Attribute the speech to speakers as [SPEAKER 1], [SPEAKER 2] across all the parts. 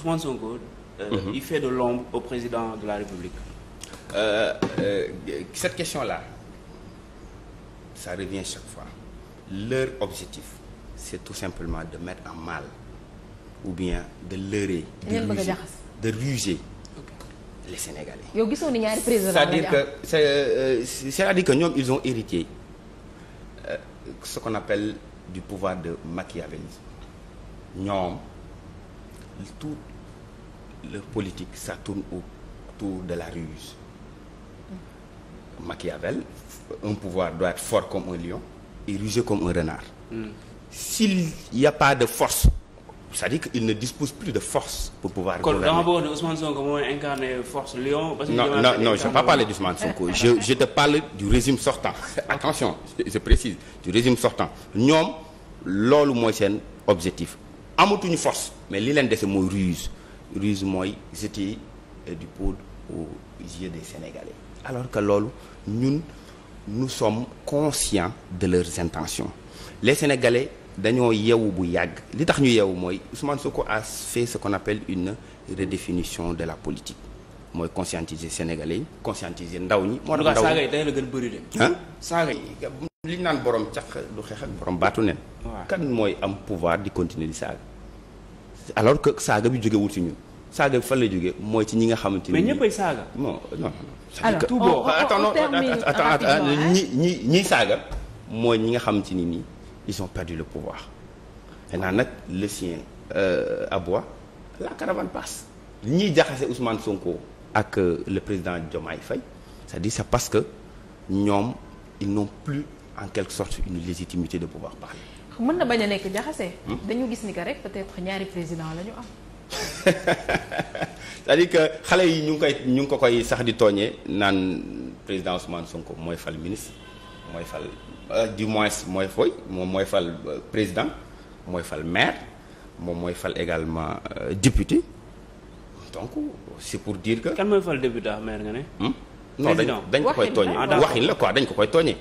[SPEAKER 1] Ousmane Sonko. Euh, mhm. de l'ombre au président de la République. Euh, euh, cette question-là ça revient chaque fois leur objectif c'est tout simplement de mettre en mal ou bien de leurrer. de ruser les Sénégalais. yow gisoon ni ñaari président cest dire que c'est c'est-à-dire que ñoom ils ont hérité ce qu'on appelle du pouvoir de machiavélisme ñoom le politique ça tourne autour de la ruse Machiavel un pouvoir doit être fort comme un lion et rusé comme un renard hmm. s'il n'y a pas de force c'est-à-dire qu'il ne dispose plus de force pour pouvoir gouverner. Kon dama moo incarné force lion. parce que non non non je ne parle pas de je te parle du régime sortant attention je précise du régime sortant ñoom loolu mooy seen objectif amatuñu force mais li leen des mooy ruse. ruse mooy jeter euh, du poudre aux yeux des Sénégalais alors que loolu ñun nous sommes conscients de leurs intentions les Sénégalais dañoo yeewu bu yàgg li tax ñu yeewu mooy su Ousmane Sonko a fait ce qu'on appelle une redéfinition de la politique mooy conscientiser Sénégalais yi conscientiser ndaw ñi. moo tax saaga yi dañ la gën bëri de. ah saaga yi li naan borom caq du xeex ak borom baatu nen. kan mooy am pouvoir di continuer di saaga. alors que saaga bi jógewul ci ñun saaga bi fan lay jógee mooy ci ñi nga xamante ni. mais ñëppay saaga. non non. alors tout ñi ñi saaga mooy ñi nga xamante ni nii ils ont perdu le pouvoir maintenant nag le sien euh, aboie la caravane passe. ñiy jaxase Ousmane Sonko ak euh, le président Diomaye Faye c'est-à-dire c'est parce que ñoom ils n'ont plus en quelque sorte une légitimité de pouvoir parler. mën na bañ a nekk jaxase. Hmm? dañu gis ni que rek peut-être ñaari président la ñu am. c'est-à-dire que xale yi ñu ngi koy ñu ngi ko koy sax di tooñe naan président Ousmane Sonko mooy fal ministre mooy fal euh, du moins mooy fooy moom mooy fal euh, président mooy fal maire moom mooy fal également euh, député donc c'est pour dire que. kan mooy fal député maire nga ne. Hmm? non dañ dañ ko koy tooñee ah, waxin la quoi dañ ko koy tooñe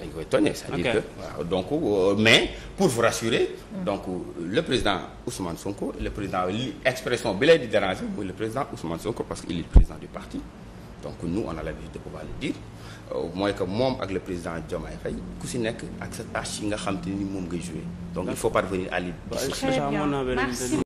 [SPEAKER 1] dañ koy tonné c'est-à-dire que waaw donc euh, mais pour vous rassurer mm. donc euh, le président Ousmane Sonko le président li expression bi lay di déranger mooy le président Ousmane Sonko parce qu'il est le président du parti donc nous on a l'habitude de pouvoir le dire euh, mooy que moom ak le président Diomaye Faye ku si nekk ak sa tâche yi nga xam te ni moom ngay joué donc il faut parvenir à l'idée